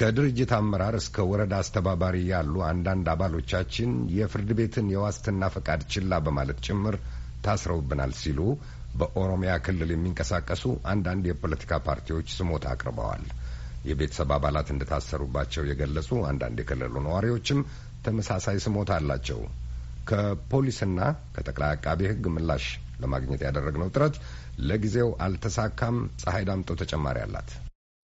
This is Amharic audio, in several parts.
ከድርጅት አመራር እስከ ወረዳ አስተባባሪ ያሉ አንዳንድ አባሎቻችን የፍርድ ቤትን የዋስትና ፈቃድ ችላ በማለት ጭምር ታስረውብናል ሲሉ በኦሮሚያ ክልል የሚንቀሳቀሱ አንዳንድ የፖለቲካ ፓርቲዎች ስሞታ አቅርበዋል። የቤተሰብ አባላት እንደታሰሩባቸው የገለጹ አንዳንድ የክልሉ ነዋሪዎችም ተመሳሳይ ስሞታ አላቸው። ከፖሊስና ከጠቅላይ አቃቤ ሕግ ምላሽ ለማግኘት ያደረግነው ጥረት ለጊዜው አልተሳካም። ፀሐይ ዳምጠው ተጨማሪ አላት።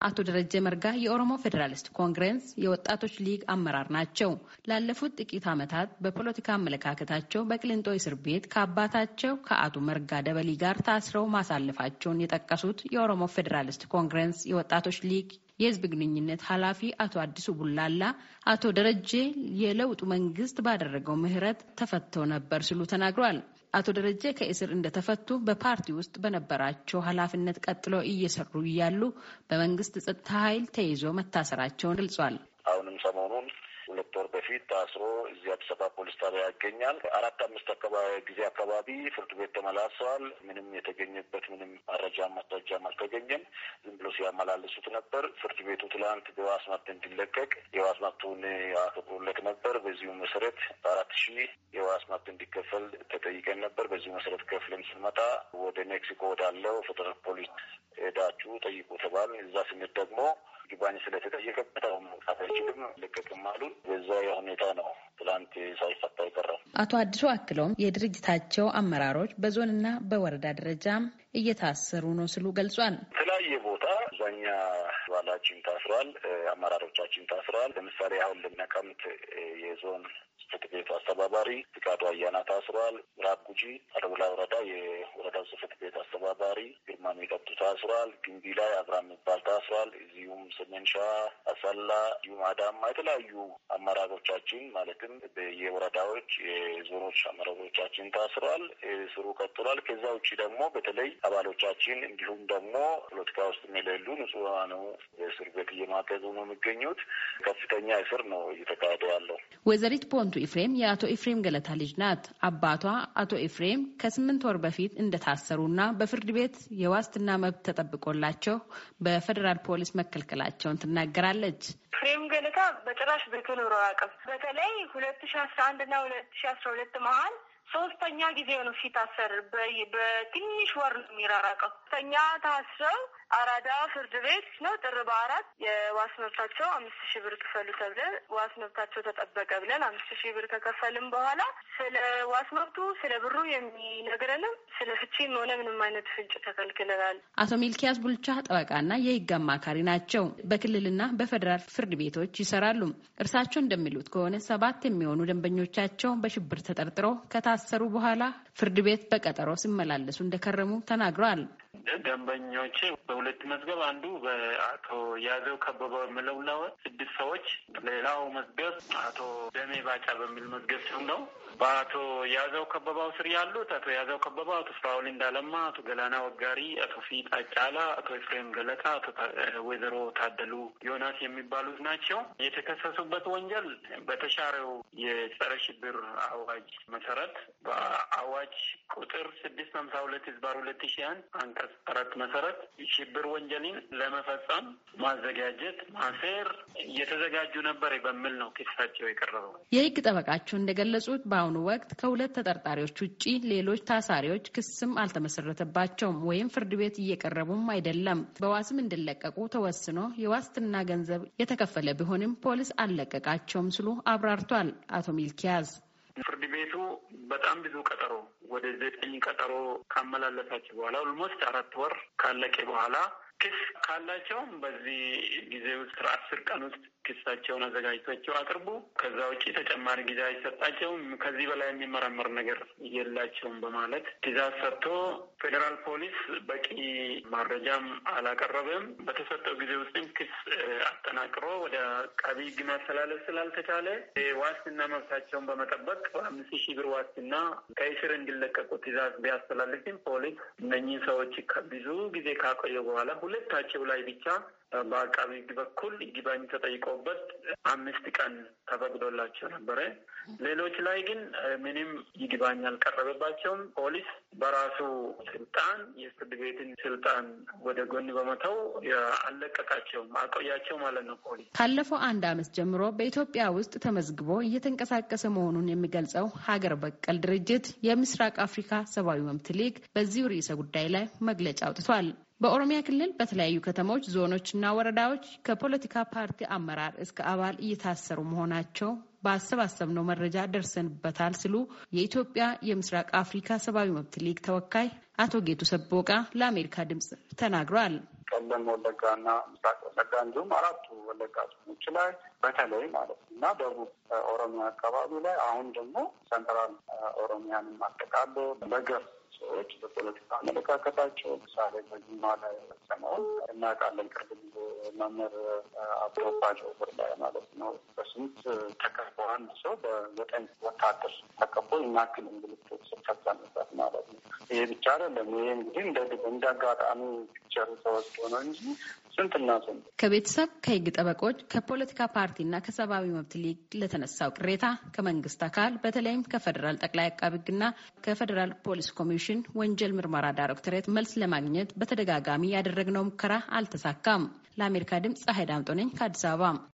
አቶ ደረጀ መርጋ የኦሮሞ ፌዴራሊስት ኮንግረስ የወጣቶች ሊግ አመራር ናቸው። ላለፉት ጥቂት ዓመታት በፖለቲካ አመለካከታቸው በቅሊንጦ እስር ቤት ከአባታቸው ከአቶ መርጋ ደበሊ ጋር ታስረው ማሳለፋቸውን የጠቀሱት የኦሮሞ ፌዴራሊስት ኮንግረስ የወጣቶች ሊግ የህዝብ ግንኙነት ኃላፊ አቶ አዲሱ ቡላላ አቶ ደረጀ የለውጡ መንግስት ባደረገው ምህረት ተፈተው ነበር ሲሉ ተናግሯል። አቶ ደረጀ ከእስር እንደተፈቱ በፓርቲ ውስጥ በነበራቸው ኃላፊነት ቀጥሎ እየሰሩ እያሉ በመንግስት ጸጥታ ኃይል ተይዞ መታሰራቸውን ገልጿል። አሁንም በፊት ታስሮ እዚህ አዲስ አበባ ፖሊስ ጣቢያ ይገኛል። አራት አምስት አካባቢ ጊዜ አካባቢ ፍርድ ቤት ተመላሰዋል። ምንም የተገኘበት ምንም መረጃ ማስረጃም አልተገኘም። ዝም ብሎ ሲያመላልሱት ነበር። ፍርድ ቤቱ ትላንት የዋስ መብት እንዲለቀቅ የዋስ መብቱን አክብሮለት ነበር። በዚሁ መሰረት አራት ሺህ የዋስ መብት እንዲከፈል ተጠይቀን ነበር። በዚሁ መሰረት ከፍለን ስንመጣ ወደ ሜክሲኮ ወዳለው ፌደራል ፖሊስ ሄዳችሁ ጠይቁ ተባል። እዛ ስንት ደግሞ ይግባኝ ስለተጠየቀበት አሁን መውጣት አይችልም ለቀቅም አሉን። በዛ ሁኔታ ነው ትላንት ሳይፈታ የቀረው። አቶ አዲሱ አክለውም የድርጅታቸው አመራሮች በዞንና በወረዳ ደረጃም እየታሰሩ ነው ስሉ ገልጿል። የተለያየ ቦታ አብዛኛ አባላችን ታስሯል፣ አመራሮቻችን ታስረዋል። ለምሳሌ አሁን ነቀምት የዞን ጽፈት ቤቱ አስተባባሪ ፍቃዱ አያና ታስሯል። ምዕራብ ጉጂ አደቡላ ወረዳ የወረዳው ጽፈት ቤት አስተባባሪ ግርማ ሚጠጡ ታስሯል። ግንቢ ላይ አብራ የሚባል ታስሯል። እዚሁም ሰሜን ሸዋ አሰላ፣ እዚሁም አዳማ የተለያዩ አመራሮቻችን ማለትም የወረዳዎች የዞኖች አመራሮቻችን ታስሯል። ስሩ ቀጥሏል። ከዛ ውጭ ደግሞ በተለይ አባሎቻችን እንዲሁም ደግሞ ፖለቲካ ውስጥ የሚለሉ ንጹሃኑ የእስር ቤት እየማገዙ ነው የሚገኙት። ከፍተኛ እስር ነው እየተካሄደ ያለው። ወይዘሪት ፖንቱ ኢፍሬም የአቶ ኢፍሬም ገለታ ልጅ ናት። አባቷ አቶ ኢፍሬም ከስምንት ወር በፊት እንደታሰሩና በፍርድ ቤት የዋስትና መብት ተጠብቆላቸው በፌዴራል ፖሊስ መከልከላቸውን ትናገራለች። ፍሬም ገለታ በጭራሽ ብርቱ ኑሮ አያውቅም። በተለይ ሁለት ሺ አስራ አንድ እና ሁለት ሺ አስራ ሁለት መሀል ሶስተኛ ጊዜ ነው ሲታሰር፣ በትንሽ ወር ነው የሚራራቀው። ሶስተኛ ታስረው አራዳ ፍርድ ቤት ነው ጥር በአራት የዋስ መብታቸው አምስት ሺህ ብር ክፈሉ ተብለን ዋስ መብታቸው ተጠበቀ ብለን አምስት ሺህ ብር ከከፈልም በኋላ ስለ ዋስ መብቱ ስለ ብሩ የሚነግረንም ስለ ፍቺም ሆነ ምንም አይነት ፍንጭ ተከልክለናል። አቶ ሚልኪያስ ቡልቻ ጠበቃና የህግ አማካሪ ናቸው። በክልልና በፌዴራል ፍርድ ቤቶች ይሰራሉ። እርሳቸው እንደሚሉት ከሆነ ሰባት የሚሆኑ ደንበኞቻቸው በሽብር ተጠርጥረው ከታ ከታሰሩ በኋላ ፍርድ ቤት በቀጠሮ ሲመላለሱ እንደከረሙ ተናግረዋል። ደንበኞቼ በሁለት መዝገብ አንዱ በአቶ ያዘው ከበበ የምለው ነው ስድስት ሰዎች፣ ሌላው መዝገብ አቶ ደሜ ባጫ በሚል መዝገብ ስም ነው። በአቶ ያዘው ከበባው ስር ያሉት አቶ ያዘው ከበባ፣ አቶ ፍራውል እንዳለማ፣ አቶ ገላና ወጋሪ፣ አቶ ፊጣ አጫላ፣ አቶ ኤፍሬም ገለታ፣ አቶ ወይዘሮ ታደሉ ዮናስ የሚባሉት ናቸው። የተከሰሱበት ወንጀል በተሻረው የጸረ ሽብር አዋጅ መሰረት በአዋጅ ቁጥር ስድስት ሀምሳ ሁለት ህዝባር ሁለት ሺ አንድ አንቀጽ አራት መሰረት ሽብር ወንጀልን ለመፈጸም ማዘጋጀት፣ ማሴር እየተዘጋጁ ነበር በሚል ነው ክሳቸው የቀረበው። የህግ ጠበቃቸው እንደገለጹት በአሁኑ ወቅት ከሁለት ተጠርጣሪዎች ውጭ ሌሎች ታሳሪዎች ክስም አልተመሰረተባቸውም ወይም ፍርድ ቤት እየቀረቡም አይደለም። በዋስም እንዲለቀቁ ተወስኖ የዋስትና ገንዘብ የተከፈለ ቢሆንም ፖሊስ አልለቀቃቸውም ሲሉ አብራርቷል አቶ ሚልኪያዝ ፍርድ ቤቱ በጣም ብዙ ቀጠሮ ወደ ዘጠኝ ቀጠሮ ካመላለሳቸው በኋላ ኦልሞስት አራት ወር ካለቀ በኋላ ክስ ካላቸውም በዚህ ጊዜ ውስጥ አስር ቀን ውስጥ ክሳቸውን አዘጋጅቷቸው አቅርቡ። ከዛ ውጭ ተጨማሪ ጊዜ አይሰጣቸውም። ከዚህ በላይ የሚመረመር ነገር የላቸውም በማለት ትዕዛዝ ሰጥቶ ፌዴራል ፖሊስ በቂ ማረጃም አላቀረበም። በተሰጠው ጊዜ ውስጥም ክስ አጠናቅሮ ወደ ቀቢ ሕግ ማስተላለፍ ስላልተቻለ ዋስትና መብታቸውን በመጠበቅ በአምስት ሺህ ብር ዋስትና ከእስር እንዲለቀቁ ትዕዛዝ ቢያስተላልፍም ፖሊስ እነኚህ ሰዎች ብዙ ጊዜ ካቆየ በኋላ ሁለታቸው ላይ ብቻ በአቃቢ ሕግ በኩል ይግባኝ ተጠይቆበት አምስት ቀን ተፈቅዶላቸው ነበረ። ሌሎች ላይ ግን ምንም ይግባኝ አልቀረበባቸውም። ፖሊስ በራሱ ስልጣን የፍርድ ቤትን ስልጣን ወደ ጎን በመተው አለቀቃቸውም አቆያቸው ማለት ነው። ፖሊስ ካለፈው አንድ አመት ጀምሮ በኢትዮጵያ ውስጥ ተመዝግቦ እየተንቀሳቀሰ መሆኑን የሚገልጸው ሀገር በቀል ድርጅት የምስራቅ አፍሪካ ሰብአዊ መብት ሊግ በዚሁ ርዕሰ ጉዳይ ላይ መግለጫ አውጥቷል። በኦሮሚያ ክልል በተለያዩ ከተሞች፣ ዞኖችና ወረዳዎች ከፖለቲካ ፓርቲ አመራር እስከ አባል እየታሰሩ መሆናቸው በአሰባሰብነው መረጃ ደርሰንበታል ሲሉ የኢትዮጵያ የምስራቅ አፍሪካ ሰብአዊ መብት ሊግ ተወካይ አቶ ጌቱ ሰቦቃ ለአሜሪካ ድምፅ ተናግረዋል። ቀለም ወለጋና ምስራቅ ወለጋ እንዲሁም አራቱ ወለጋ ዞኖች ላይ በተለይ ማለት ነው እና ደቡብ ኦሮሚያ አካባቢ ላይ አሁን ደግሞ ሰንትራል ኦሮሚያንም አጠቃሎ በገፍ ሰዎች በፖለቲካ አመለካከታቸው ምሳሌ በጅማለ ሰሞን እናውቃለን። ቅርብ ጊዜ መምህር አብሮባቸው ላይ ማለት ነው በስንት ተከቦ አንድ ሰው በዘጠኝ ወታደር ተከቦ ይናክል እንግልት ስፈጸምበት ማለት ነው። ይሄ ብቻ አይደለም። ይሄ እንግዲህ እንደ አጋጣሚ የሚቸሩ ሰዎች ሆነ እንጂ ስንትና ስንት ከቤተሰብ ከህግ ጠበቆች ከፖለቲካ ፓርቲና ከሰብአዊ መብት ሊግ ለተነሳው ቅሬታ ከመንግስት አካል በተለይም ከፌዴራል ጠቅላይ አቃቢ ህግና ከፌዴራል ፖሊስ ኮሚሽን ወንጀል ምርመራ ዳይሬክቶሬት መልስ ለማግኘት በተደጋጋሚ ያደረግነው ሙከራ አልተሳካም። ለአሜሪካ ድምፅ ፀሐይ ዳምጦ ነኝ ከአዲስ አበባ።